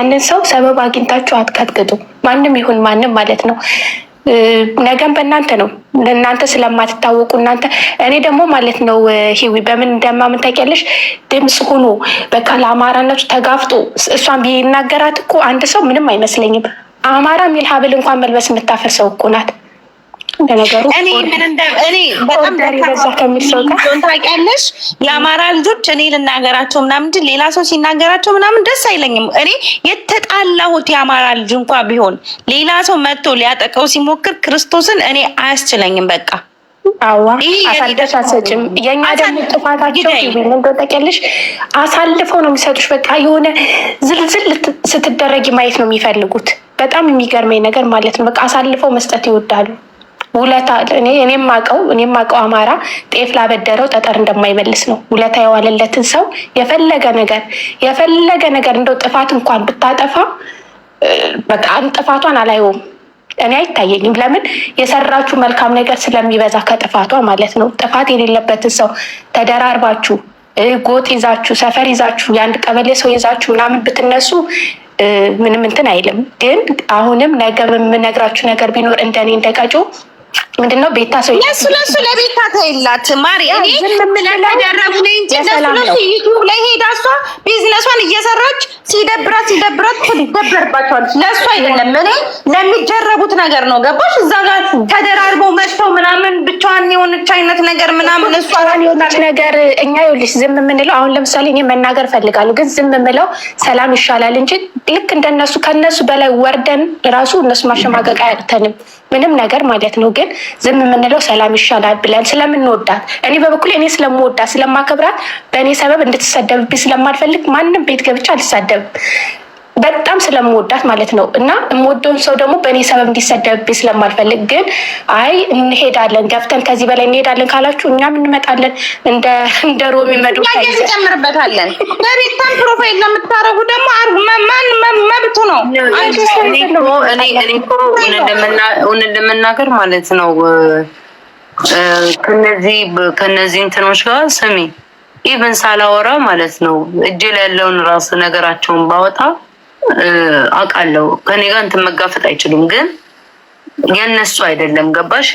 ማንን ሰው ሰበብ አግኝታችሁ አትቀጥቅጡ። ማንም ይሁን ማንም ማለት ነው። ነገም በእናንተ ነው። እናንተ ስለማትታወቁ እናንተ እኔ ደግሞ ማለት ነው ሂዊ በምን እንደማምን ታውቂያለሽ? ድምፅ ሆኖ በቃ ለአማራነቱ ተጋፍጦ እሷን ቢናገራት እኮ አንድ ሰው ምንም አይመስለኝም። አማራ የሚል ሀብል እንኳን መልበስ የምታፈር ሰው እኮ ናት። እኔ ታውቂያለሽ፣ የአማራ ልጆች እኔ ልናገራቸው ምናምን ሌላ ሰው ሲናገራቸው ምናምን ደስ አይለኝም። እኔ የተጣላሁት የአማራ ልጅ እንኳ ቢሆን ሌላ ሰው መጥቶ ሊያጠቀው ሲሞክር ክርስቶስን እኔ አያስችለኝም። በቃ አሳልፈሽ አትሰጭም። ደግሞ ጥፋታቸው ምን ታውቂያለሽ፣ አሳልፈው ነው የሚሰጡሽ። በቃ የሆነ ዝልዝል ስትደረጊ ማየት ነው የሚፈልጉት። በጣም የሚገርመኝ ነገር ማለት ነው። በቃ አሳልፈው መስጠት ይወዳሉ። ውለታ እኔ አቀው እኔ አቀው አማራ ጤፍ ላበደረው ጠጠር እንደማይመልስ ነው። ውለታ የዋለለትን ሰው የፈለገ ነገር የፈለገ ነገር እንደው ጥፋት እንኳን ብታጠፋ በቃ ጥፋቷን አላየውም። እኔ አይታየኝም። ለምን የሰራችሁ መልካም ነገር ስለሚበዛ ከጥፋቷ ማለት ነው። ጥፋት የሌለበትን ሰው ተደራርባችሁ ጎጥ ይዛችሁ ሰፈር ይዛችሁ የአንድ ቀበሌ ሰው ይዛችሁ ምናምን ብትነሱ ምንም እንትን አይልም። ግን አሁንም ነገ የምነግራችሁ ነገር ቢኖር እንደኔ እንደቀጮ ምንድን ነው ቤታ ሰው ለሱ ለሱ ለቤታ ተይላት ማሪ እኔ ስለተደረጉ ነው እንጂ ለሱ ዩቲዩብ ላይ ሄዳ እሷ ቢዝነሷን እየሰራች ሲደብራት ሲደብራት ትደበርባቸዋለች። ለሱ አይደለም እኔ ለሚጀረቡት ነገር ነው። ገባሽ? እዛ ጋር ተደራርበው መጥተው ምናምን ብቻዋን የሆነች አይነት ነገር ምናምን እሷ የሆነች ነገር እኛ ይኸውልሽ ዝም የምንለው አሁን ለምሳሌ እኔ መናገር ፈልጋሉ፣ ግን ዝም የምለው ሰላም ይሻላል እንጂ ልክ እንደነሱ ከነሱ በላይ ወርደን ራሱ እነሱ ማሸማቀቅ አያቅተንም። ምንም ነገር ማለት ነው። ግን ዝም የምንለው ሰላም ይሻላል ብለን ስለምንወዳት፣ እኔ በበኩል እኔ ስለምወዳት ስለማከብራት፣ በእኔ ሰበብ እንድትሰደብብኝ ስለማልፈልግ ማንም ቤት ገብቼ አልሳደብም። በጣም ስለምወዳት ማለት ነው። እና የምወደውን ሰው ደግሞ በእኔ ሰበብ እንዲሰደብብኝ ስለማልፈልግ ግን አይ እንሄዳለን፣ ገፍተን ከዚህ በላይ እንሄዳለን ካላችሁ እኛም እንመጣለን። እንደ ሮሚ መዶ እንጨምርበታለን። በቤታን ፕሮፋይል ለምታደርጉ ደግሞ መብቱ ነው። እኔ እንደምናገር ማለት ነው ከነዚህ ከነዚህ እንትኖች ጋር ስሚ ኢቨን ሳላወራ ማለት ነው እጅ ላይ ያለውን ራስ ነገራቸውን ባወጣ አውቃለሁ። ከኔ ጋር እንትን መጋፈጥ አይችሉም፣ ግን የነሱ አይደለም። ገባሽ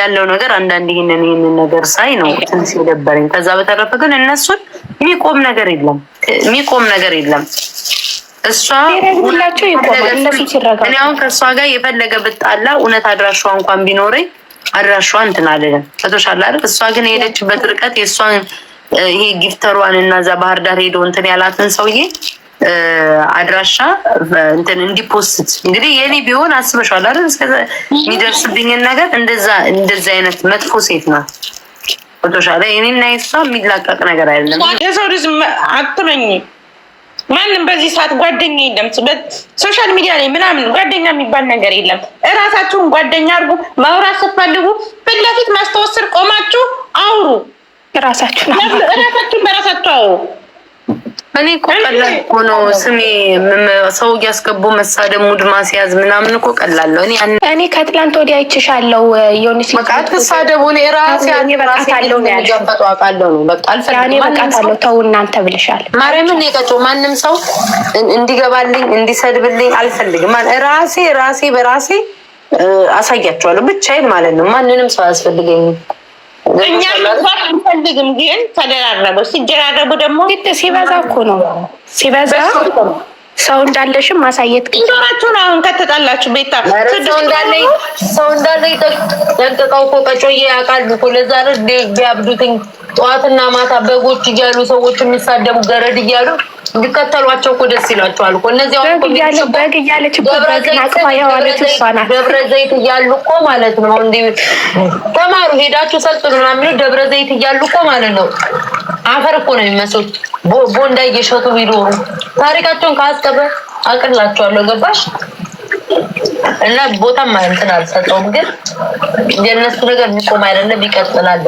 ያለው ነገር አንዳንድ ይህንን ይህንን ነገር ሳይ ነው ትንሽ የደበረኝ። ከዛ በተረፈ ግን እነሱን የሚቆም ነገር የለም፣ የሚቆም ነገር የለም። እሷ አሁን ከእሷ ጋር የፈለገ ብጣላ እውነት አድራሿ እንኳን ቢኖረኝ አድራሿ እንትን አለለም ፈቶሻል አይደል? እሷ ግን የሄደችበት ርቀት የእሷን ይሄ ጊፍተሯን እና እዛ ባህር ዳር ሄዶ እንትን ያላትን ሰውዬ አድራሻ እንትን እንዲፖስት እንግዲህ የኔ ቢሆን አስበሻል አይደል? እስከ የሚደርስብኝን ነገር እንደዛ እንደዛ አይነት መጥፎ ሴት ናት። ፎቶሻለ ላይ የሷ የሚላቀቅ ነገር አይደለም። የሰው ልጅ አትመኝ ማንም በዚህ ሰዓት ጓደኛ የለም። ሶሻል ሚዲያ ላይ ምናምን ጓደኛ የሚባል ነገር የለም። እራሳችሁን ጓደኛ አድርጉ። ማውራት ስትፈልጉ ፊት ለፊት ማስታወስ ስር ቆማችሁ አውሩ። ራሳችሁን ራሳችሁን በራሳችሁ አውሩ። እኔ እኮ ቀላል እኮ ነው ስሜ ሰው እያስገቡ መሳደብ ሙድ ማስያዝ ምናምን እኮ ቀላል ነው። እኔ ከትላንት ወዲያ አይችሻለሁ የሆነች በቃ ትሳደቡ እኔ ራሴ አለው ነው ያለው ነው በቃ አልፈልግም። ተው እናንተ ብልሻል። ማርያምን ቀጮ ማንም ሰው እንዲገባልኝ እንዲሰድብልኝ አልፈልግም። ራሴ ራሴ በራሴ አሳያቸዋለሁ ብቻዬን ማለት ነው። ማንንም ሰው አያስፈልገኝም። እኛ እንኳን አንፈልግም፣ ግን ተደራረቡ። ሲደራረቡ ደግሞ ሲበዛ እኮ ነው ሲበዛ ሰው እንዳለሽም ማሳየት እንደሆናችሁን። አሁን ከተጣላችሁ ቤታ ሰው እንዳለ ሰው እንዳለ ይጠቅቀው እኮ ቀጮዬ ያውቃሉ እኮ ለዛ ነው ቢያብዱትኝ ጠዋትና ማታ በጎች እያሉ ሰዎች የሚሳደቡ ገረድ እያሉ እንዲከተሏቸው እኮ ደስ ይላቸዋል እኮ እነዚህ በግ እያለች ደብረ ዘይት እያሉ እኮ ማለት ነው። እንዲህ ተማሩ ሄዳችሁ ሰልጥኑ ምናምን ደብረ ዘይት እያሉ እኮ ማለት ነው። አፈር እኮ ነው የሚመስሉት። ቦንዳ እየሸጡ ቢኖሩ ታሪካቸውን ካስቀበ አቅላቸዋለሁ ገባሽ? እና ቦታም እንትን አልሰጠውም፣ ግን የእነሱ ነገር የሚቆም አይደለም ይቀጥላል።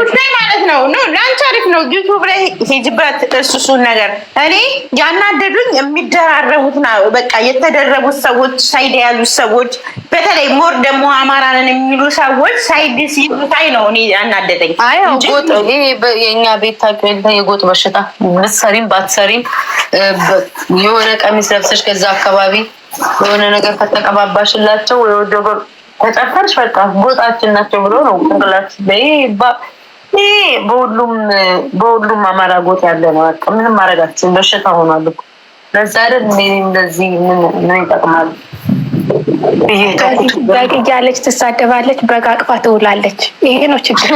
ጉዳይ ማለት ነው ነው ለአንቺ አሪፍ ነው። ዩቱብ ላይ ሂጅበት እሱ ነገር እኔ ያናደዱኝ የሚደራረቡት ነው። በቃ የተደረቡት ሰዎች፣ ሳይድ የያዙት ሰዎች፣ በተለይ ሞር ደግሞ አማራንን የሚሉ ሰዎች ሳይድ ሲታይ ነው እኔ ያናደደኝ። ይሄ የእኛ ቤት ታውቂው የጎጥ በሽታ ብትሰሪም ባትሰሪም የሆነ ቀሚስ ለብሰሽ መተሽ ከዛ አካባቢ የሆነ ነገር ከተቀባባሽላቸው ወይ ወደ ተጨፈርሽ በቃ ጎጣችን ናቸው ብሎ ነው ጭንቅላት ይሄ በሁሉም በሁሉም አማራ ጎት ያለ ነው። በቃ ምንም ማረጋችን በሽታ ሆኗል እኮ ለዛ አይደል እንደዚህ ምን ምን ይጠቅማል? በግ እያለች ትሳደባለች፣ በግ አቅፋ ትውላለች። ይሄ ነው ችግር።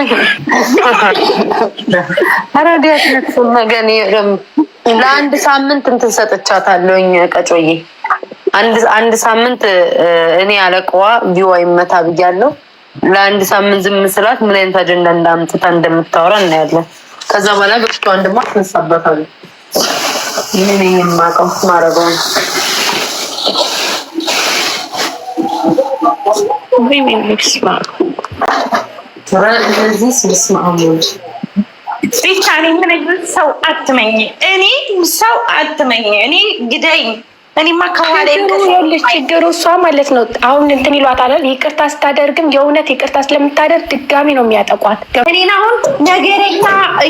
አራዲያት ነገ ለአንድ ሳምንት እንትን ሰጥቻታለሁኝ። ቀጮዬ አንድ ሳምንት እኔ አለቀዋ ቪዋ ይመታ ብያለሁ። ለአንድ ሳምንት ዝም ስላት ምን አይነት አጀንዳ እንዳምጥታ እንደምታወራ እናያለን። ከዛ በኋላ ብርቷን አንድማ ትነሳበታል። ይህን የማቀም ማረገው ነው። ስማ ቤቻ ነው የምነግርህ። ሰው አትመኝ፣ እኔ ሰው አትመኝ፣ እኔ ግደኝ። እኔማ ከኋላ ያለች ችግሩ እሷ ማለት ነው። አሁን እንትን ይሏታል አይደል? ይቅርታ ስታደርግም የእውነት ይቅርታ ስለምታደርግ ድጋሚ ነው የሚያጠቋት። እኔን አሁን ነገረኛ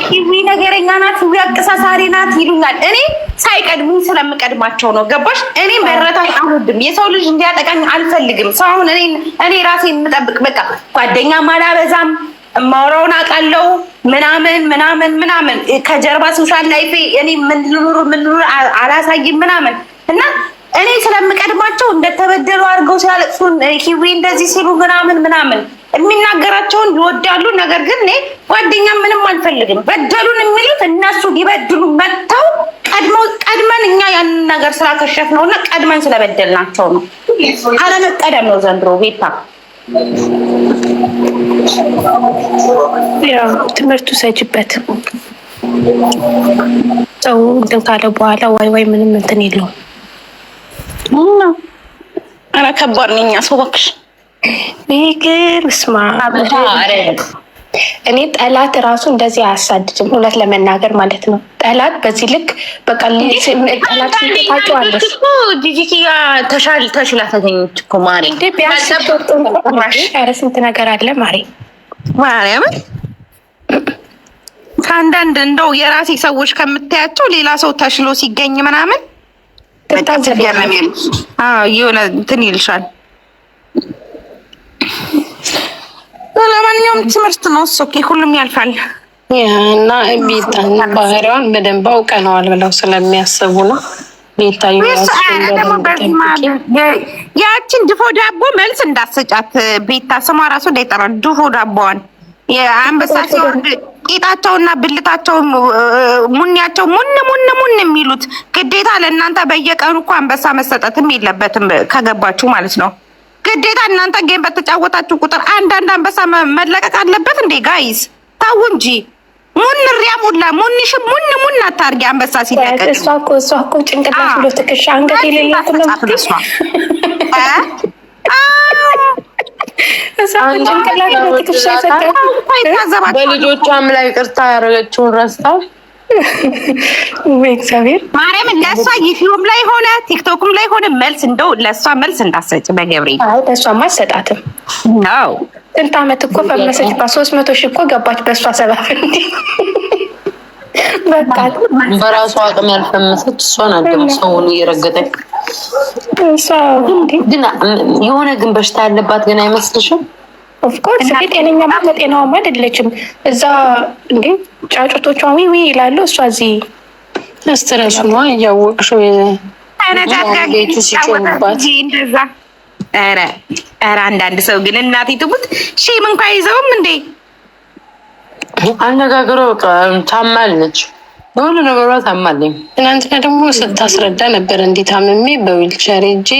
ሂዊ ነገረኛ ናት፣ ሂዊ አቀሳሳሪ ናት ይሉኛል። እኔ ሳይቀድሙኝ ስለምቀድማቸው ነው። ገባሽ? እኔ መረታት አልወድም። የሰው ልጅ እንዲያጠቃኝ አልፈልግም። ሰው አሁን እኔ ራሴ የምጠብቅ በቃ ጓደኛም አላበዛም እማወራውን አውቃለሁ ምናምን ምናምን ምናምን ከጀርባ ሶሻል ላይፌ እኔ ምንኑር ምንኑር አላሳይም ምናምን እና እኔ ስለምቀድማቸው እንደተበደሉ አድርገው ሲያለቅሱ ሂዊ እንደዚህ ሲሉ ምናምን ምናምን የሚናገራቸውን ይወዳሉ። ነገር ግን እኔ ጓደኛ ምንም አልፈልግም። በደሉን የሚሉት እነሱ ሊበድሉ መጥተው ቀድመው ቀድመን እኛ ያንን ነገር ስላከሸፍ ነው እና ቀድመን ስለበደልናቸው ነው። አለመቀደም ነው ዘንድሮ ቤታ ያው ትምህርቱ ሰጅበት ሰው እንትን ካለ በኋላ ዋይ ዋይ ምንም እንትን የለውም። ኧረ ከባድ ነኝ። ሰው እባክሽ ይህ ግን ስማ እኔ ጠላት እራሱ እንደዚህ አያሳድድም፣ እውነት ለመናገር ማለት ነው። ጠላት በዚህ ልክ በቃ ጠላት ነገር አለ ማሪ። ማርያምን ከአንዳንድ እንደው የራሴ ሰዎች ከምታያቸው ሌላ ሰው ተሽሎ ሲገኝ ምናምን ትታዘቢያለሽ፣ የሆነ እንትን ይልሻል ለማንኛውም ትምህርት ነው። ኦኬ ሁሉም ያልፋል እና ቤታ ባህሪዋን በደንብ አውቀነዋል ብለው ስለሚያስቡ ነው። ያችን ድፎ ዳቦ መልስ እንዳሰጫት ቤታ ስሟ ራሱ እንዳይጠራ ድፎ ዳቦዋን የአንበሳ ሲወርድ ቂጣቸውና ብልታቸው ሙኒያቸው ሙን ሙን ሙን የሚሉት ግዴታ ለእናንተ በየቀኑ እኮ አንበሳ መሰጠትም የለበትም ከገባችሁ ማለት ነው። ግዴታ እናንተ ጌም በተጫወታችሁ ቁጥር አንዳንድ አንበሳ መለቀቅ አለበት እንዴ? ጋይስ ታው እንጂ ሙን ሪያ ሙላ ሙንሽ ሙን ሙን አታርጊ። አንበሳ ሲለቀቅ እሷ እኮ እሷ እኮ ጭንቅላት ብሎ ትከሻ አንገት የሌላት ነው ጭንቅላት ብሎ ትከሻ በልጆቿም ላይ ቅርታ ያደረገችውን ረስታው እግዚአብሔር ለእሷ ዩቲዩብ ላይ ሆነ ቲክቶክም ላይ ሆነ መልስ እንደው ለእሷ መልስ እንዳሰጭ በገብሬ አይሰጣትም ነው። ስንት አመት እኮ ፈመሰች በሶስት መቶ ሺህ እኮ ገባች በእሷ ሰበብ እንዲ በራሷ አቅም ያልፈመሰች እሷን ሰውን እየረገጠች ግን የሆነ ግን በሽታ ያለባት ግን አይመስልሽም? ኦፍኮርስ ግን ጤነኛማ ለጤናዋማ አይደለችም። እዛ እንዴ ጫጩቶቿ ዊ ዊ ይላሉ። እሷ እዚህ ስትረሱ ነ እያወቅሽው ቤቱ ሲጮኑባት ኧረ አንዳንድ ሰው ግን እናቴ ትሙት ሼም እንኳ ይዘውም እንዴ አነጋግሮ በቃ ታማለች፣ በሁሉ ነገሯ ታማለኝ። ትናንትና ደግሞ ስታስረዳ ነበር እንዲህ ታምሜ በዊልቸር እጄ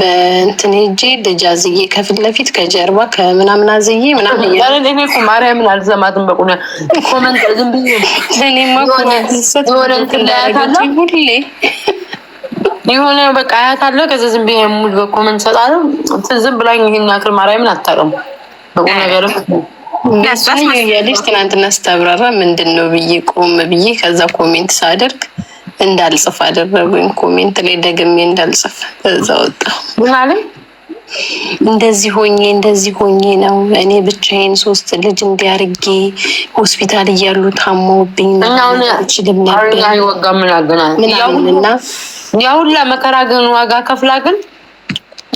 በእንትን ሄጄ ደጅ አዝዬ ከፊት ለፊት ከጀርባ ከምናምን አዝዬ ምናምን ማርያምን አልዘማትም። በቁና ኮመንት ዝም ብዬ የሆነ በቃ አያታለሁ። ከዚ ዝም ብዬ ሙድ በኮመንት ሰጣለሁ። ዝም ብላኝ ይህን ያክል ማርያምን አታውቅም። በቁ ነገርም ያለች ትናንትና ስታብራራ ምንድን ነው ብዬ ቆም ብዬ ከዛ ኮሜንት ሳደርግ እንዳልጽፍ አደረጉኝ። ኮሜንት ላይ ደግሜ እንዳልጽፍ እዛ ወጣ ምናምን እንደዚህ ሆኜ እንደዚህ ሆኜ ነው እኔ ብቻዬን ሶስት ልጅ እንዲያርጌ ሆስፒታል እያሉ ታመውብኝ ችልም ነበር። ያ ሁላ መከራ ግን ዋጋ ከፍላ ግን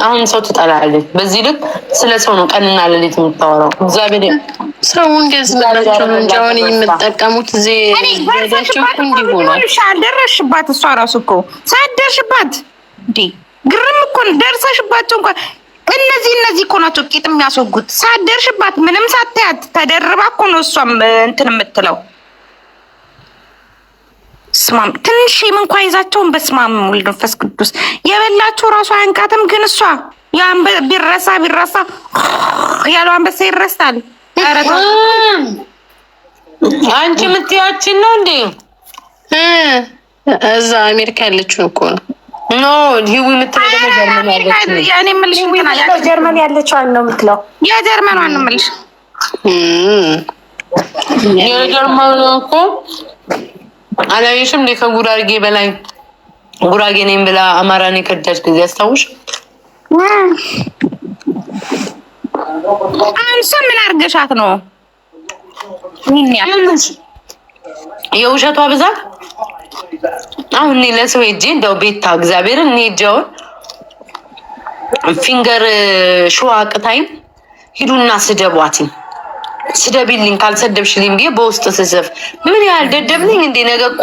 አሁን ሰው ትጠላለች። በዚህ ልክ ስለ ሰው ነው ቀንና ለሌት የምታወራው። እግዚአብሔር ሰው እንደዝላቸው እንጂ አሁን የምጠቀሙት ደረስሽባት። እሷ ራሱ እኮ ሳደርሽባት እንዴ ግርም እኮ ደርሰሽባቸው እንኳን እነዚህ እነዚህ እኮ ናቸው ቂጥ የሚያስወጉት። ሳደርሽባት ምንም ሳታያት ተደርባ እኮ ነው እሷም እንትን የምትለው ስማም ትንሽም እንኳ ይዛቸውን በስማም ወልድ መንፈስ ቅዱስ የበላቸው ራሱ አያንቃትም። ግን እሷ ቢረሳ ቢረሳ ያለው አንበሳ ይረሳል። አንቺ ምትያችን ነው እንዴ? እዛ አሜሪካ ያለችው እኮ ነው። ኖ ሂዊ የምትለው ጀርመን ያለችዋን ነው ምትለው። የጀርመኗን ነው የምልሽ። የጀርመኗ እኮ አላየሽም? እንደ ከጉራጌ በላይ ጉራጌ ነኝ ብላ አማራን የከዳች ጊዜ አስታውሽ። አንሱ ምን አርገሻት ነው? የውሸቷ ብዛት አሁን እኔ ለሰው ሄጄ እንደው ቤታ እግዚአብሔርን እኔ ሄጃውን ፊንገር ሸዋ ቅታይም ሂዱና ስደቧትኝ ስደቢልኝ ካልሰደብሽልኝ ብዬ በውስጥ ስስፍ ምን ያህል ደደብልኝ እንዲ ነገ እኮ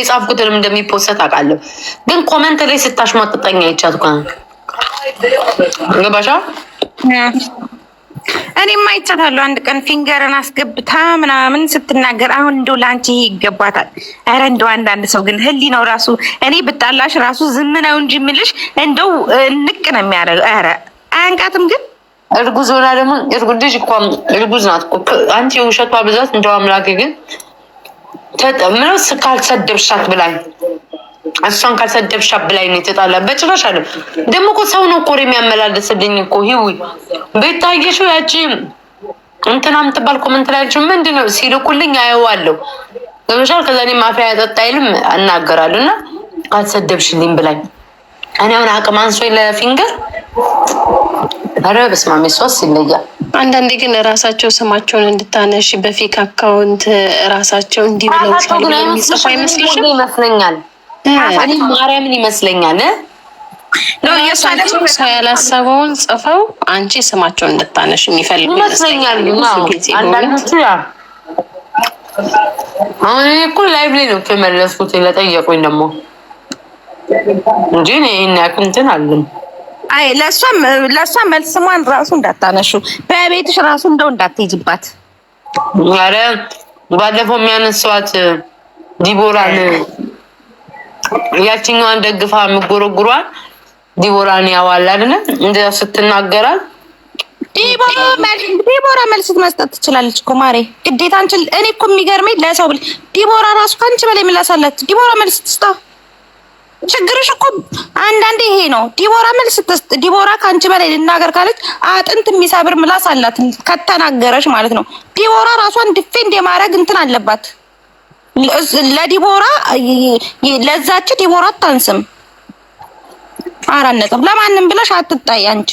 የጻፍኩትንም እንደሚፖሰት አውቃለሁ። ግን ኮመንት ላይ ስታሽ ስታሽሟጥጠኝ አይቻት ኳ ገባሻ? እኔ ማይቻታለሁ። አንድ ቀን ፊንገርን አስገብታ ምናምን ስትናገር አሁን እንደው ለአንቺ ይሄ ይገባታል። ኧረ እንደው አንዳንድ ሰው ግን ህሊናው ራሱ እኔ ብጣላሽ ራሱ ዝም ነው እንጂ የምልሽ እንደው ንቅ ነው የሚያደርገው። ኧረ አያንቃትም ግን እርጉዝ ሆና ደግሞ እርጉዝ ልጅ እኳ እርጉዝ ናት። አንቺ የውሸቷ ብዛት እንደው አምላክ ግን ምንስ ካልሰደብሻት ብላኝ እሷን ካልሰደብሻት ብላኝ ነው የተጣላ። በጭራሽ አለ ደግሞ እኮ ሰው ነው እኮ የሚያመላለስልኝ እኮ ሂዊ ቤታየሹ ያቺ እንትና ምትባል ኮመንት ላይ ምንድን ነው ሲልኩልኝ አየዋለሁ። ለምሳሌ ከዛ እኔ ማፊያ ያጠጣ አይልም እናገራለሁ እና ካልሰደብሽልኝ ብላኝ እኔ አሁን አቅም አንሶኝ ለፊንገር ኧረ በስመ አብ የእሷስ ይለያል። አንዳንዴ ግን ራሳቸው ስማቸውን እንድታነሽ በፌክ አካውንት ራሳቸው እንዲህ ብለው የሚጽፉ አይመስልሽም? ይመስለኛል ማርያምን ይመስለኛል ሰው ያላሰበውን ጽፈው አንቺ ስማቸውን እንድታነሽ የሚፈልጉ ይመስለኛል። አሁን እኔ እኮ ላይቭ ላይ ነው የመለስኩት ለጠየቁኝ ደግሞ እንጂ ይህን ያክል እንትን አለም አይ ለእሷ መልስ ስሟን ራሱ እንዳታነሹ በቤትሽ ራሱ እንደው እንዳትይጅባት። አረ ባለፈው የሚያነሷት ዲቦራን ያችኛዋን ደግፋ የምጎረጉሯን ዲቦራን ያዋል አይደለ? እንደ ስትናገራል ዲቦራ መልስ መስጠት ትችላለች እኮ ማሬ፣ ግዴታ አንቺ። እኔ እኮ የሚገርመኝ ለሰው ዲቦራ ራሱ ከአንቺ በላይ ምላሳላት ዲቦራ መልስ ትስጣ ችግርሽ እኮ አንዳንዴ ይሄ ነው። ዲቦራ መልስ ዲቦራ ከአንቺ በላይ ልናገር ካለች አጥንት የሚሰብር ምላስ አላት ከተናገረች ማለት ነው። ዲቦራ ራሷን ዲፌንድ የማድረግ እንትን አለባት። ለዲቦራ ለዛች ዲቦራ አታንስም። አራት ነጥብ ለማንም ብለሽ አትጣይ አንቺ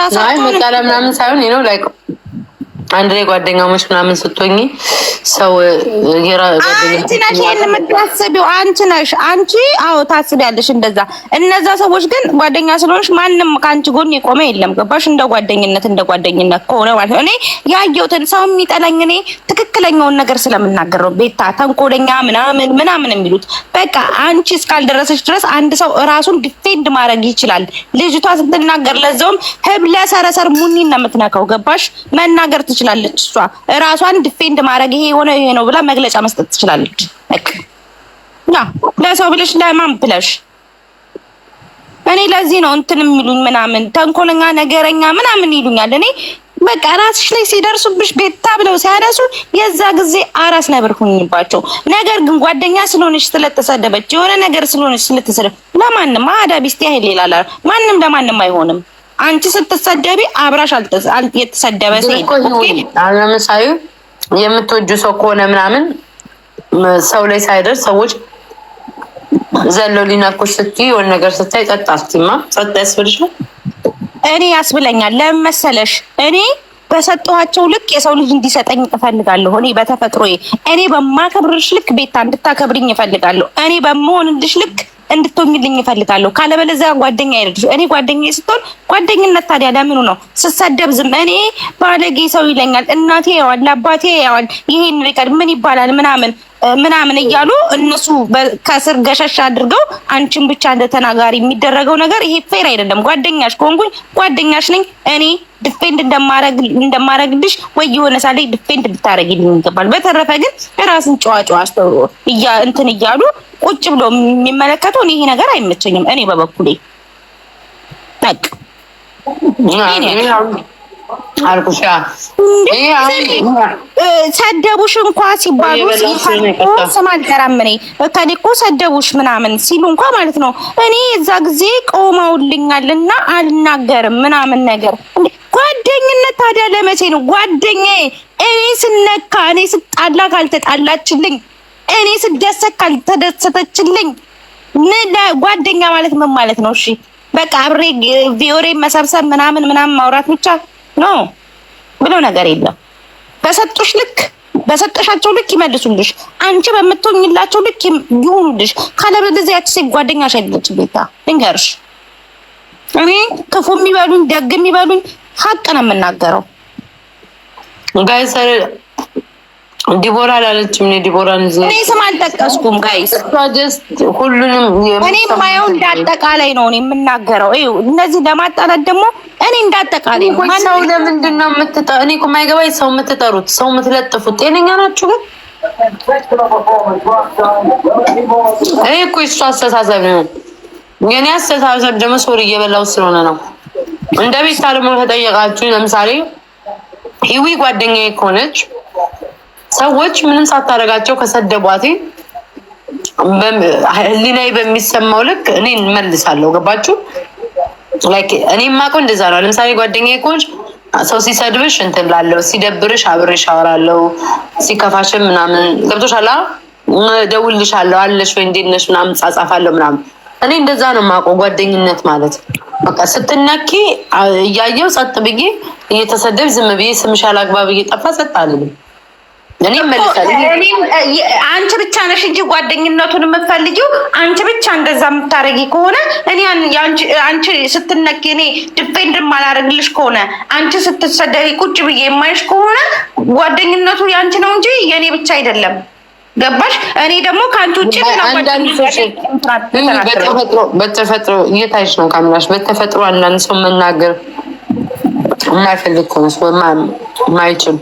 ራሳ ምናምን ሳይሆን ነው ላይ አንድ ላይ ጓደኛሞች ምናምን ስትሆኝ ሰው አንቺ ነሽ ይሄን የምታስቢው አንቺ ነሽ። አንቺ አዎ ታስቢያለሽ እንደዛ። እነዛ ሰዎች ግን ጓደኛ ስለሆንሽ ማንም ከአንቺ ጎን የቆመ የለም። ገባሽ? እንደ ጓደኝነት እንደ ጓደኝነት ከሆነ ማለት ነው። እኔ ያየሁትን ሰው የሚጠላኝ እኔ ትክክለኛውን ነገር ስለምናገር ነው። ቤታ ተንኮለኛ ምናምን ምናምን የሚሉት በቃ አንቺ እስካልደረሰች ድረስ አንድ ሰው እራሱን ዲፌንድ ማድረግ ይችላል። ልጅቷ ስትናገር ለዛውም ህብለ ሰረሰር ሙኒን ነው የምትነካው። ገባሽ? መናገር ትችላል ትችላለች። እሷ እራሷን ዲፌንድ ማድረግ ይሄ የሆነ ይሄ ነው ብላ መግለጫ መስጠት ትችላለች። ለሰው ብለሽ ለማን ብለሽ እኔ ለዚህ ነው እንትን የሚሉኝ ምናምን ተንኮለኛ ነገረኛ ምናምን ይሉኛል። እኔ በቃ ራስሽ ላይ ሲደርሱብሽ ቤታ ብለው ሲያነሱ የዛ ጊዜ አራስ ነብር ሁኝባቸው። ነገር ግን ጓደኛ ስለሆነች ስለተሰደበች፣ የሆነ ነገር ስለሆነች ስለተሰደበች ለማንም አዳ ቢስቲ ሌላ ማንም ለማንም አይሆንም። አንቺ ስትሰደቢ አብራሽ የተሰደበ ለምሳሌ የምትወጁ ሰው ከሆነ ምናምን ሰው ላይ ሳይደርስ ሰዎች ዘለው ሊነኩሽ ስትይ የሆነ ነገር ስታይ ጸጥ አትይማ። ጸጥ ያስብልሻል። እኔ ያስብለኛል። ለምን መሰለሽ እኔ በሰጠኋቸው ልክ የሰው ልጅ እንዲሰጠኝ እፈልጋለሁ። እኔ በተፈጥሮዬ እኔ በማከብርሽ ልክ ቤታ እንድታከብርኝ እፈልጋለሁ። እኔ በመሆንልሽ ልክ እንድትሆኝልኝ እፈልጋለሁ። ካለበለዚያ ጓደኛ አይደለሽ። እኔ ጓደኛ ስትሆን ጓደኝነት ታዲያ ለምኑ ነው? ስሰደብ ዝም እኔ ባለጌ ሰው ይለኛል። እናቴ ያዋል፣ አባቴ ያዋል። ይሄን ሪቀር ምን ይባላል ምናምን ምናምን እያሉ እነሱ ከስር ገሸሽ አድርገው አንቺን ብቻ እንደ ተናጋሪ የሚደረገው ነገር ይሄ ፌር አይደለም። ጓደኛሽ ከሆንኩኝ ጓደኛሽ ነኝ እኔ ዲፌንድ እንደማረግልሽ ወይ የሆነ ሳለ ዲፌንድ ልታረግልኝ ይገባል። በተረፈ ግን ራስን ጨዋጨዋ አስተውሮ እያ እንትን እያሉ ቁጭ ብሎ የሚመለከቱ እኔ ይሄ ነገር አይመቸኝም። እኔ በበኩሌ ነቅ አልኩሻ ሰደቡሽ እንኳ ሲባሉ ስም አልጠራም። እኔ እከሌ እኮ ሰደቡሽ ምናምን ሲሉ እንኳ ማለት ነው እኔ እዛ ጊዜ ቆመውልኛል እና አልናገርም ምናምን ነገር። ጓደኝነት ታዲያ ለመቼ ነው ጓደኛዬ? እኔ ስነካ፣ እኔ ስጣላ ካልተጣላችልኝ፣ እኔ ስደሰት ካልተደሰተችልኝ ጓደኛ ማለት ምን ማለት ነው? እሺ በቃ አብሬ ቪኦሬ መሰብሰብ ምናምን ምናምን ማውራት ብቻ ኖ ብሎ ነገር የለም። በሰጡሽ ልክ በሰጠሻቸው ልክ ይመልሱልሽ። አንቺ በምትሆኝላቸው ልክ ይሁኑልሽ። ካለበለዚያ ያቺ ሴት ጓደኛ አይደለችም። ቤታ ልንገርሽ፣ እኔ ክፉ የሚበሉኝ ደግ የሚበሉኝ ሀቅ ነው የምናገረው። ጋይስ ዲቦራ አላለችም። እኔ ዲቦራን እኔ ስም አልጠቀስኩም። ጋይስ ሁሉንም እኔ ማየው እንዳጠቃላይ ነው እኔ የምናገረው። እነዚህ ለማጣላት ደግሞ እኔ እንዳጠቃላይ ነው። ሰው ለምንድን ነው የምትጠሩት? እኔ እኮ የማይገባኝ ሰው የምትጠሩት ሰው የምትለጥፉት ጤነኛ ናችሁ ግን? እኔ እኮ የእሱ አስተሳሰብ ነው። የኔ አስተሳሰብ ደግሞ ሶሪ እየበላው ስለሆነ ነው። እንደ ቤት ደግሞ ተጠየቃችሁ። ለምሳሌ ህዊ ጓደኛዬ ከሆነች ሰዎች ምንም ሳታደርጋቸው ከሰደቧት ህሊናዬ በሚሰማው ልክ እኔ እንመልሳለሁ። ገባችሁ? ላይክ እኔ የማውቀው እንደዛ ነው። ለምሳሌ ጓደኛዬ ከሆንሽ ሰው ሲሰድብሽ እንትን ላለው ሲደብርሽ አብሬሽ አወራለሁ ሲከፋሽም ምናምን ገብቶሻል። እደውልልሻለሁ አለሽ ወይ እንዴት ነሽ ምናምን ጻጻፋለሁ ምናምን። እኔ እንደዛ ነው የማውቀው ጓደኝነት ማለት በቃ ስትነኪ እያየው ጸጥ ብዬ እየተሰደብ ዝም ብዬ ስምሻል አግባብ እየጠፋ ጸጥ አልልም። አንቺ ብቻ ነሽ እንጂ ጓደኝነቱን የምትፈልጊው አንቺ ብቻ እንደዛ የምታደርጊ ከሆነ እኔ አንቺ ስትነኪ እኔ ድፌንድ ማላደርግልሽ ከሆነ አንቺ ስትሰደቢ ቁጭ ብዬ የማይሽ ከሆነ ጓደኝነቱ የአንቺ ነው እንጂ የእኔ ብቻ አይደለም። ገባሽ? እኔ ደግሞ ከአንቺ ውጭ በተፈጥሮ እየታይሽ ነው ካምላሽ በተፈጥሮ አንዳንድ ሰው መናገር የማይፈልግ ከሆነ ሰው የማይችል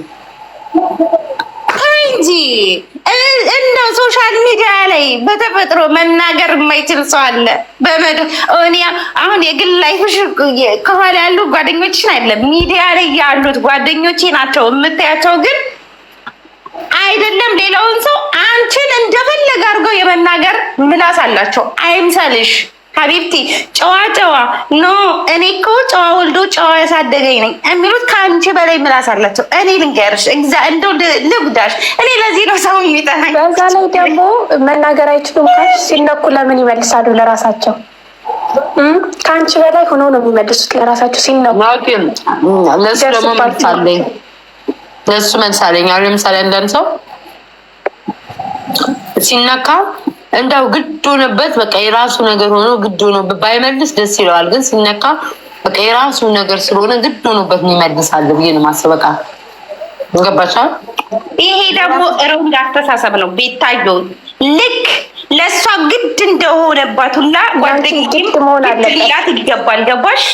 እንጂ እንደ ሶሻል ሚዲያ ላይ በተፈጥሮ መናገር የማይችል ሰው አለ። በመድ እኔ አሁን የግል ላይፍሽ ከኋላ ያሉ ጓደኞችን አይደለም ሚዲያ ላይ ያሉት ጓደኞቼ ናቸው የምታያቸው ግን አይደለም ሌላውን ሰው አንቺን እንደፈለገ አድርገው የመናገር ምላስ አላቸው። አይምሰልሽ። ሀቢብቲ ጨዋ ጨዋ ኖ እኔ እኮ ጨዋ ወልዶ ጨዋ ያሳደገኝ ነኝ የሚሉት ከአንቺ በላይ ምላስ አላቸው። እኔ ልንገርሽ፣ እግዛ እንደው ልጉዳሽ። እኔ ለዚህ ነው ሰው የሚጠናኝ። በዛ ላይ ደግሞ መናገር አይችሉም ካልሽ ሲነኩ ለምን ይመልሳሉ? ለራሳቸው ከአንቺ በላይ ሆኖ ነው የሚመልሱት ለራሳቸው ሲነኩ። ለሱ ደግሞ መልስ ለሱ መልስ አለኝ። ለምሳሌ አንዳንድ ሰው ሲነካ እንዳው ግድ ሆነበት በቃ የራሱ ነገር ሆኖ ግድ ሆኖበት ባይመልስ ደስ ይለዋል። ግን ሲነካ በቃ የራሱ ነገር ስለሆነ ግድ ሆኖበት ይመልሳል ብዬ ነው የማስበው። በቃ ገባሻል? ይሄ ደግሞ ሮንግ አስተሳሰብ ነው። ቤታየው ልክ ለእሷ ግድ እንደሆነባት ሁላ ጓደኛ ግድ ሊላት ይገባል። ገባሽ?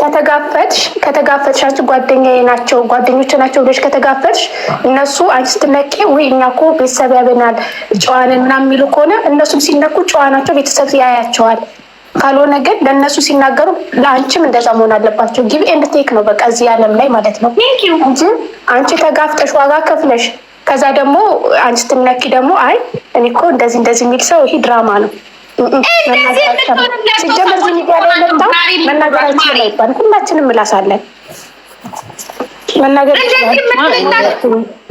ከተጋፈጥሽ ከተጋፈጥሻቸው ጓደኛዬ ናቸው ጓደኞች ናቸው ብለሽ ከተጋፈጥሽ እነሱ አንቺ ስትነቂ ወይ እኛ እኮ ቤተሰብ ያበናል ጨዋነን ምናምን የሚሉ ከሆነ እነሱም ሲነኩ ጨዋ ናቸው፣ ቤተሰብ ያያቸዋል። ካልሆነ ግን ለእነሱ ሲናገሩ ለአንቺም እንደዛ መሆን አለባቸው። ጊቭ ኤንድ ቴክ ነው በቃ እዚህ ዓለም ላይ ማለት ነው እንጂ አንቺ ተጋፍጠሽ ዋጋ ከፍለሽ ከዛ ደግሞ አንቺ ስትነኪ ደግሞ አይ እኔ እኮ እንደዚህ እንደዚህ የሚል ሰው ይሄ ድራማ ነው ሲጀመር እዚህ ሁላችንም እላሳለን መናገር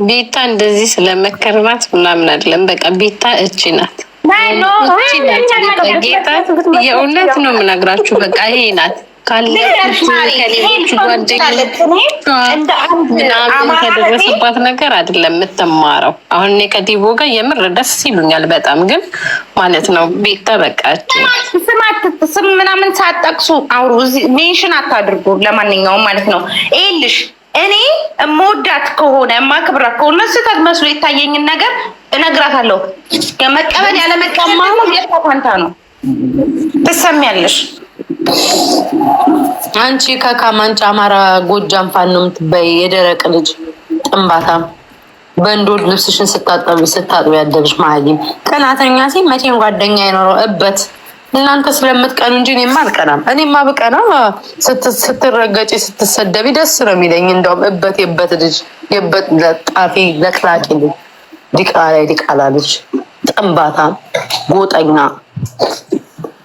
ቤታ እንደዚህ ስለመከርባት ምናምን አይደለም። በቃ ቤታ እቺ ናት የእውነት ነው የምነግራችሁ። በቃ ይሄ ናት ምናምን ነገር አይደለም የምትማረው። አሁን እኔ ከዲቦ ጋር የምር ደስ ይሉኛል በጣም ግን ማለት ነው ቤታ በቃች። ስም ምናምን ሳጠቅሱ አውሩ፣ ሜንሽን አታድርጉ። ለማንኛውም ማለት ነው ኤልሽ እኔ እመወዳት ከሆነ የማክብራት ከሆነ ስህተት መስሎ የታየኝን ነገር እነግራታለሁ። መቀበል ያለመቀማሙ ነው። ትሰሚያለሽ አንቺ ከካማንጭ አማራ ጎጃም ፋን ነው የምትበይ፣ የደረቅ ልጅ ጥንባታም በእንዶድ ልብስሽን ስታጠብ ስታጥቢ ያደግሽ መሀይም ቀናተኛ ሲ መቼም ጓደኛ የኖረው እበት እናንተ ስለምትቀኑ እንጂ እኔማ አልቀናም። እኔማ ብቀና ስትረገጪ ስትሰደቢ ደስ ነው የሚለኝ። እንደውም እበት የበት ልጅ የበት ለጣፊ ለክላቂ ልጅ ዲቃላ ዲቃላ ልጅ ጥንባታም ጎጠኛ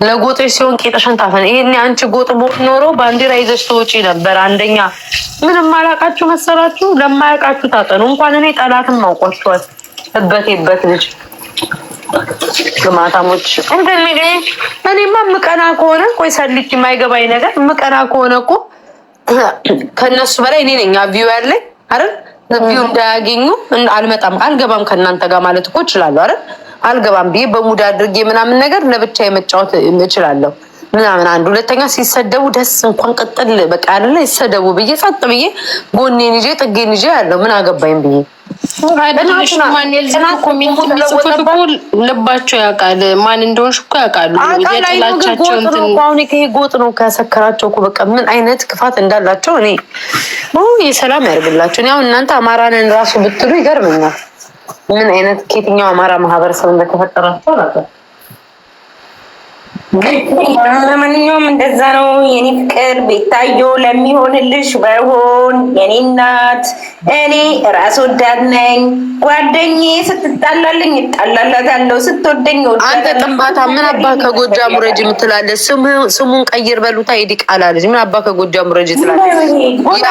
ለጎጦች ሲሆን ቄጥሽን ታፈን። ይሄን አንቺ ጎጥ ኖሮ ባንዲራ ይዘሽ ተወጪ ነበር። አንደኛ ምንም አላቃችሁ መሰላችሁ። ለማያውቃችሁ ታጠኑ። እንኳን እኔ ጠላትም አውቋችኋል። እበቴበት ልጅ ግማታሞች እንትን እኔማ ምቀና ከሆነ ቆይ ሰልች የማይገባኝ ነገር ምቀና ከሆነ እኮ ከእነሱ በላይ እኔ ነኝ ቪው ያለኝ አይደል? ቪው እንዳያገኙ አልመጣም አልገባም ከእናንተ ጋር ማለት እኮ እችላለሁ አይደል? አልገባም ብዬ በሙድ አድርጌ ምናምን ነገር ለብቻ የመጫወት እችላለሁ ምናምን አንድ ሁለተኛ ሲሰደቡ ደስ እንኳን ቀጥል በቃ አይደለ ይሰደቡ ብዬ ጸጥ ብዬ ጎኔን ይዤ ጥጌን ይዤ ያለው ምን አገባኝ ብዬ ልባቸው ያውቃል ማን እንደሆንሽ እኮ ያውቃሉ። አሁን ይሄ ጎጥ ነው ከሰከራቸው እኮ በቃ ምን አይነት ክፋት እንዳላቸው እኔ የሰላም ያደርግላቸው። አሁን እናንተ አማራንን ራሱ ብትሉ ይገርመኛል። ምን አይነት ከየትኛው አማራ ማህበረሰብ እንደተፈጠራቸው ነበር። ለማንኛውም እንደዛ ነው የኔ ፍቅር። ቤታዮ ለሚሆንልሽ በሆን የኔ እናት፣ እኔ ራስ ወዳድ ነኝ። ጓደኛዬ ስትጣላልኝ እጣላላታለሁ፣ ስትወደኝ ወዳለሁ። አንተ ጥንባታ ምን አባ ከጎጃ ሙረጅ የምትላለች? ስሙን ቀይር በሉታ። ሄድ ልጅ ምን አባ ከጎጃ ሙረጅ ትላለች?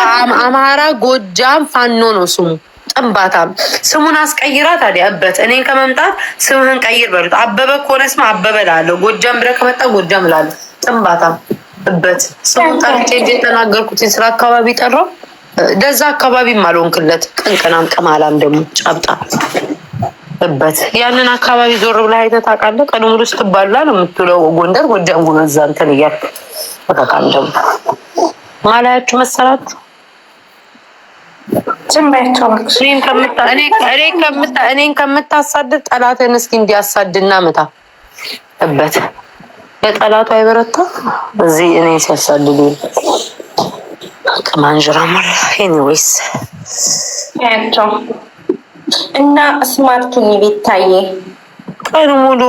አማራ ጎጃም ፋኖ ነው ስሙ። ጥንባታም ስሙን አስቀይራ ታዲያ እበት እኔን ከመምጣት ስምህን ቀይር በሉት። አበበ ከሆነ ስም አበበ እላለሁ። ጎጃም ብለህ ከመጣ ጎጃም ላለ ጥንባታም እበት ስሙን ጠርቼ እንጂ የተናገርኩትን ስራ አካባቢ ጠራው። ለዛ አካባቢም አልሆንክለት። ቅንቅናም ቅማላም ደግሞ ጫብጣ እበት ያንን አካባቢ ዞር ብለህ አይተህ ታውቃለህ። ቀን ሙሉ ስትባላ ነው የምትውለው። ጎንደር ጎጃም ጉመዛ እንትን እያልክ ተካካል ደግሞ ማላያችሁ መሰላችሁ እኔን ከምታሳድድ ጠላትን እስኪ እንዲያሳድና ምታበት። ለጠላቱ አይበረታ እዚህ እኔ ሲያሳድዱ ቅማንጅራ ኤኒዌይስ እና ስማርቱኝ ቤታዬ ቀን ሙሉ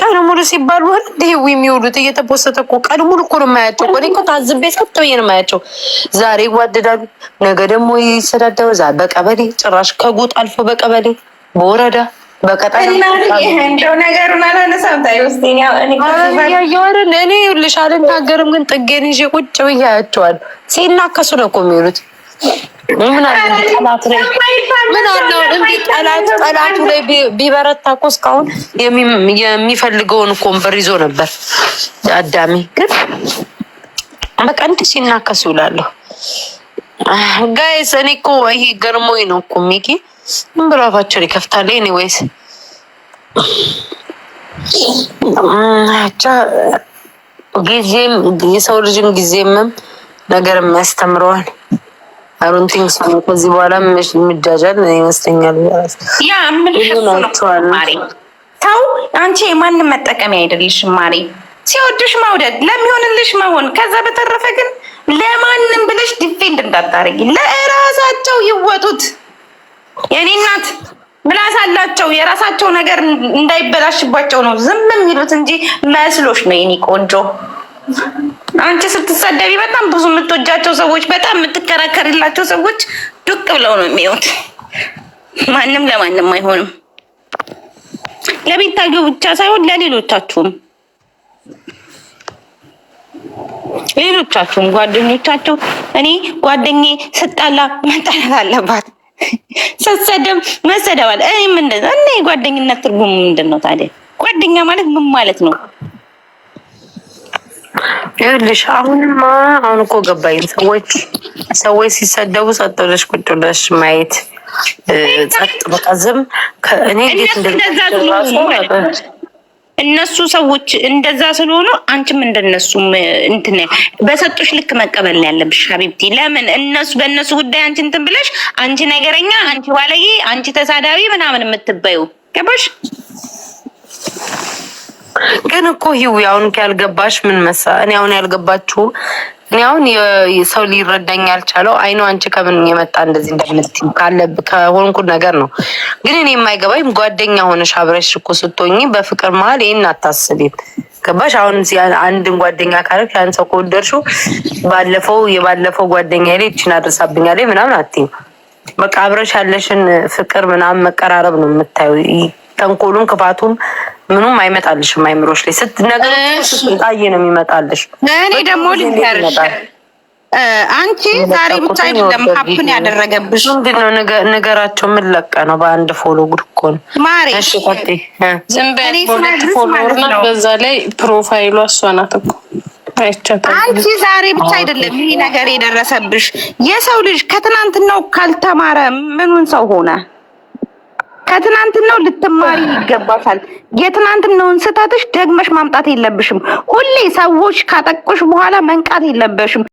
ቀን ሙሉ ሲባል ወር እንደ የሚውሉት እየተፖሰተ እኮ ቀን ሙሉ እኮ ነው የማያቸው። እኔ እኮ ታዝቤ ሰጥ ብዬ ነው የማያቸው። ዛሬ ይዋደዳሉ፣ ነገ ደግሞ ይሰዳደው። ዛ በቀበሌ ጭራሽ ከጉጥ አልፎ በቀበሌ በወረዳ በቀጣይ በቀጠናእኔ ልሽ አልናገርም፣ ግን ጥጌን ይዤ ቁጭ ብዬ አያቸዋለሁ። ሲናከሱ ነው እኮ የሚውሉት ምን ጠላቱ ላይ ቢበረታ እኮ እስካሁን የሚፈልገውን ኮንበር ይዞ ነበር። አዳሚ ግን በቃ እንዲህ ጋይስ እኔ እኮ ይሄ ገርሞኝ ነው እኮ ሚኪ ምን ብሎ አፋቸውን ይከፍታል። ኤኒዌይስ ጊዜም የሰው ልጅም ጊዜምም ነገር የሚያስተምረዋል። አሮን ነው። ከዚህ በኋላ ምዳጃል ይመስለኛል። ያ ምልሽ ሰው አንቺ የማንም መጠቀሚያ አይደለሽም ማሬ። ሲወድሽ መውደድ፣ ለሚሆንልሽ መሆን። ከዛ በተረፈ ግን ለማንም ብለሽ ዲፌንድ እንዳታረጊ። ለራሳቸው ይወጡት የኔ እናት ምላስ አላቸው። የራሳቸው ነገር እንዳይበላሽባቸው ነው ዝም የሚሉት እንጂ መስሎሽ ነው የኔ ቆንጆ። አንቺ ስትሰደቢ በጣም ብዙ የምትወጃቸው ሰዎች፣ በጣም የምትከራከሪላቸው ሰዎች ዱቅ ብለው ነው የሚሆኑት። ማንም ለማንም አይሆንም። ለቤታዮ ብቻ ሳይሆን ለሌሎቻችሁም ሌሎቻችሁም ጓደኞቻቸው እኔ ጓደኛ ስጣላ መጣላት አለባት ስትሰደብ መሰደባል። እኔም እንደዛ እና የጓደኝነት ትርጉም ምንድን ነው ታዲያ? ጓደኛ ማለት ምን ማለት ነው? ይኸውልሽ አሁንማ አሁን እኮ ገባኝ። ሰዎች ሰዎች ሲሰደቡ ጸጥ ብለሽ ቁጭ ብለሽ ማየት ጸጥ በቃ ዝም ከእኔ እንዴት እነሱ ሰዎች እንደዛ ስለሆኑ አንቺም እንደነሱም እንትን በሰጡሽ ልክ መቀበል ያለብሽ ሀቢብቲ። ለምን እነሱ በእነሱ ጉዳይ አንቺ እንትን ብለሽ አንቺ ነገረኛ፣ አንቺ ባለጌ፣ አንቺ ተሳዳቢ ምናምን የምትባዩ ገባሽ? ግን እኮ ይው አሁን ያልገባሽ ምን መሳ እኔ አሁን ያልገባችሁ እኔ አሁን ሰው ሊረዳኝ ያልቻለው አይኖ አንቺ ከምን የመጣ እንደዚህ እንደምትይው ካለ ከሆንኩ ነገር ነው። ግን እኔ የማይገባኝ ጓደኛ ሆነሽ አብረሽ እኮ ስትሆኝ በፍቅር መሀል ይህን አታስቢም። ገባሽ? አሁን አንድን ጓደኛ ካለሽ ያን ሰው ከወደድሽው ባለፈው የባለፈው ጓደኛ ላይ ይችን አድርሳብኛ ላይ ምናምን አትይም። በቃ አብረሽ ያለሽን ፍቅር ምናምን መቀራረብ ነው የምታዩ ተንኮሉን ክፋቱን ምኑም አይመጣልሽም አይምሮሽ ላይ ስትነግሪው ጣዬ ነው የሚመጣልሽ። እኔ ደግሞ ልንገርሽ አንቺ ዛሬ ብቻ አይደለም ሀፕን ያደረገብሽ። ምንድን ነው ነገራቸው? ምን ለቀ ነው በአንድ ፎሎ ጉድ እኮ ነው ማሬ። ዝም በል ሁለት ፎሎወር ናት፣ በዛ ላይ ፕሮፋይሉ እሷ ናት እኮ አንቺ ዛሬ ብቻ አይደለም ይሄ ነገር የደረሰብሽ። የሰው ልጅ ከትናንትናው ካልተማረ ምኑን ሰው ሆነ? ከትናንትናው ልትማሪ ይገባታል። የትናንትናውን ስህተትሽ ደግመሽ ማምጣት የለብሽም። ሁሌ ሰዎች ካጠቁሽ በኋላ መንቃት የለብሽም።